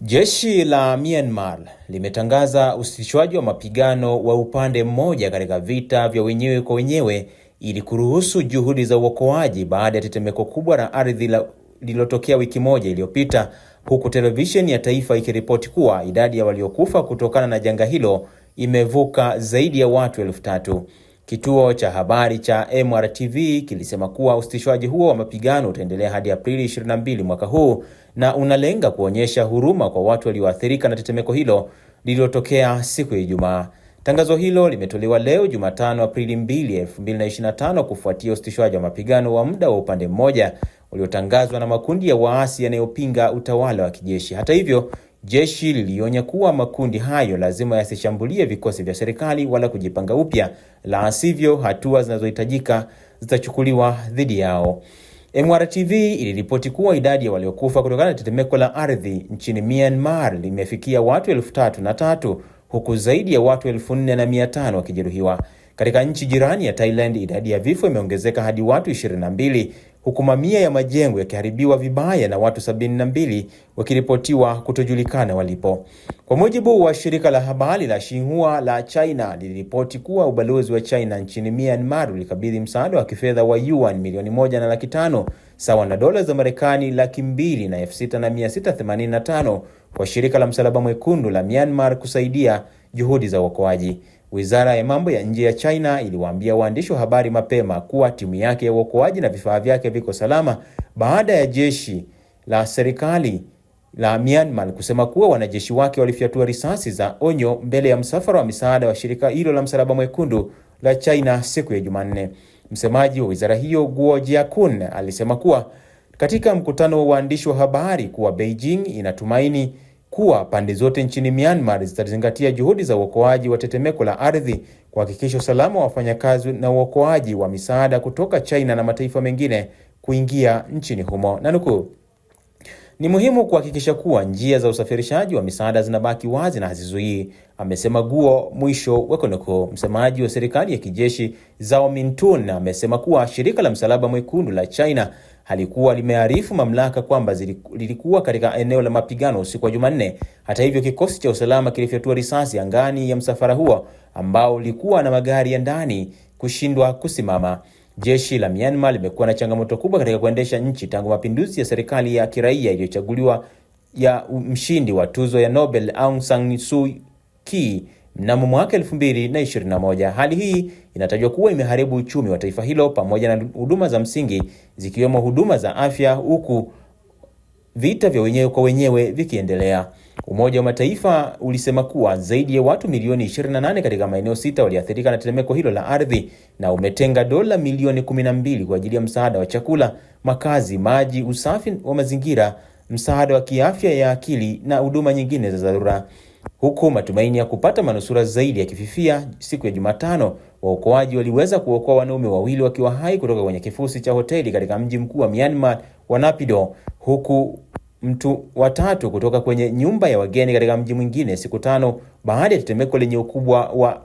Jeshi la Myanmar limetangaza usitishwaji wa mapigano wa upande mmoja katika vita vya wenyewe kwa wenyewe ili kuruhusu juhudi za uokoaji baada ya tetemeko kubwa la ardhi lililotokea wiki moja iliyopita, huku televisheni ya taifa ikiripoti kuwa idadi ya waliokufa kutokana na janga hilo imevuka zaidi ya watu elfu tatu. Kituo cha habari cha MRTV kilisema kuwa usitishwaji huo wa mapigano utaendelea hadi Aprili 22 mwaka huu na unalenga kuonyesha huruma kwa watu walioathirika na tetemeko hilo lililotokea siku ya Ijumaa. Tangazo hilo limetolewa leo Jumatano, Aprili 2, 2025 kufuatia usitishwaji wa mapigano wa muda wa upande mmoja uliotangazwa na makundi ya waasi yanayopinga utawala wa kijeshi. Hata hivyo, Jeshi lilionya kuwa makundi hayo lazima yasishambulie vikosi vya serikali wala kujipanga upya, la sivyo hatua zinazohitajika zitachukuliwa dhidi yao. MRTV iliripoti kuwa idadi ya waliokufa kutokana na tetemeko la ardhi nchini Myanmar limefikia watu elfu tatu na tatu huku zaidi ya watu elfu nne na mia tano wakijeruhiwa. Katika nchi jirani ya Thailand, idadi ya vifo imeongezeka hadi watu 22 huku mamia ya majengo yakiharibiwa vibaya na watu 72 wakiripotiwa kutojulikana walipo. Kwa mujibu wa shirika la habari la Xinhua la China, liliripoti kuwa ubalozi wa China nchini Myanmar ulikabidhi msaada wa kifedha wa yuan milioni moja na laki tano sawa na dola za Marekani laki mbili na elfu sita na mia sita themanini na tano kwa shirika la Msalaba Mwekundu la Myanmar kusaidia juhudi za uokoaji. Wizara ya mambo ya nje ya China iliwaambia waandishi wa habari mapema kuwa timu yake ya uokoaji na vifaa vyake viko salama baada ya jeshi la serikali la Myanmar kusema kuwa wanajeshi wake walifyatua risasi za onyo mbele ya msafara wa misaada wa shirika hilo la Msalaba Mwekundu la China siku ya Jumanne. Msemaji wa wizara hiyo, Guo Jiakun, alisema kuwa katika mkutano wa waandishi wa habari kuwa Beijing inatumaini kuwa pande zote nchini Myanmar zitazingatia juhudi za uokoaji wa tetemeko la ardhi kuhakikisha usalama wa wafanyakazi na uokoaji wa misaada kutoka China na mataifa mengine kuingia nchini humo. Nanukuu, ni muhimu kuhakikisha kuwa njia za usafirishaji wa misaada zinabaki wazi na hazizuii, amesema Guo Mwisho Wekoneko. Msemaji wa serikali ya kijeshi Zhao Mintun amesema kuwa shirika la Msalaba Mwekundu la China halikuwa limearifu mamlaka kwamba lilikuwa katika eneo la mapigano usiku wa Jumanne. Hata hivyo, kikosi cha usalama kilifyatua risasi angani ya msafara huo ambao ulikuwa na magari ya ndani kushindwa kusimama. Jeshi la Myanmar limekuwa na changamoto kubwa katika kuendesha nchi tangu mapinduzi ya serikali ya kiraia iliyochaguliwa ya mshindi wa tuzo ya Nobel Aung San Suu Kyi mnamo mwaka 2021. Hali hii inatajwa kuwa imeharibu uchumi wa taifa hilo pamoja na huduma za msingi zikiwemo huduma za afya, huku vita vya wenyewe kwa wenyewe vikiendelea. Umoja wa Mataifa ulisema kuwa zaidi ya watu milioni 28 katika maeneo sita waliathirika na tetemeko hilo la ardhi na umetenga dola milioni 12 kwa ajili ya msaada wa chakula, makazi, maji, usafi wa mazingira, msaada wa kiafya ya akili na huduma nyingine za dharura, huku matumaini ya kupata manusura zaidi yakififia. Siku ya Jumatano, waokoaji waliweza kuokoa wanaume wawili wakiwa hai kutoka kwenye kifusi cha hoteli katika mji mkuu wa Myanmar wa Naypyidaw huku mtu watatu kutoka kwenye nyumba ya wageni katika mji mwingine siku tano baada ya tetemeko lenye ukubwa wa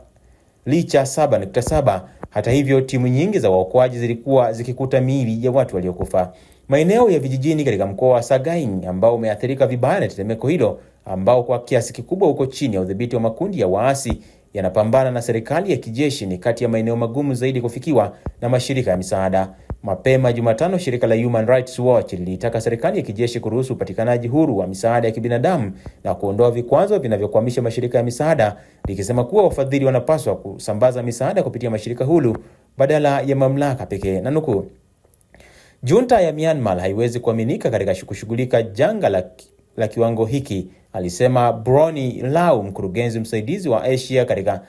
licha 7.7. Hata hivyo, timu nyingi za waokoaji zilikuwa zikikuta miili ya watu waliokufa maeneo ya vijijini katika mkoa wa Sagaing ambao umeathirika vibaya na tetemeko hilo, ambao kwa kiasi kikubwa uko chini ya udhibiti wa makundi ya waasi yanapambana na serikali ya kijeshi, ni kati ya maeneo magumu zaidi kufikiwa na mashirika ya misaada. Mapema Jumatano, shirika la Human Rights Watch liliitaka serikali ya kijeshi kuruhusu upatikanaji huru wa misaada ya kibinadamu na kuondoa vikwazo vinavyokwamisha mashirika ya misaada, likisema kuwa wafadhili wanapaswa kusambaza misaada kupitia mashirika huru badala ya mamlaka pekee, na nukuu, junta ya Myanmar haiwezi kuaminika katika kushughulika janga la, la kiwango hiki, alisema Broni Lau, mkurugenzi msaidizi wa Asia katika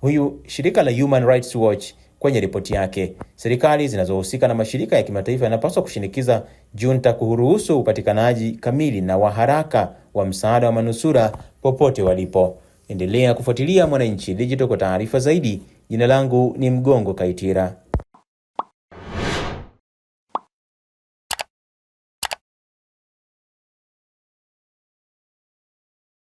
huyu shirika la Human Rights Watch kwenye ripoti yake. Serikali zinazohusika na mashirika ya kimataifa yanapaswa kushinikiza junta kuruhusu upatikanaji kamili na wa haraka wa msaada wa manusura popote walipo. Endelea kufuatilia Mwananchi Digital kwa taarifa zaidi. Jina langu ni Mgongo Kaitira.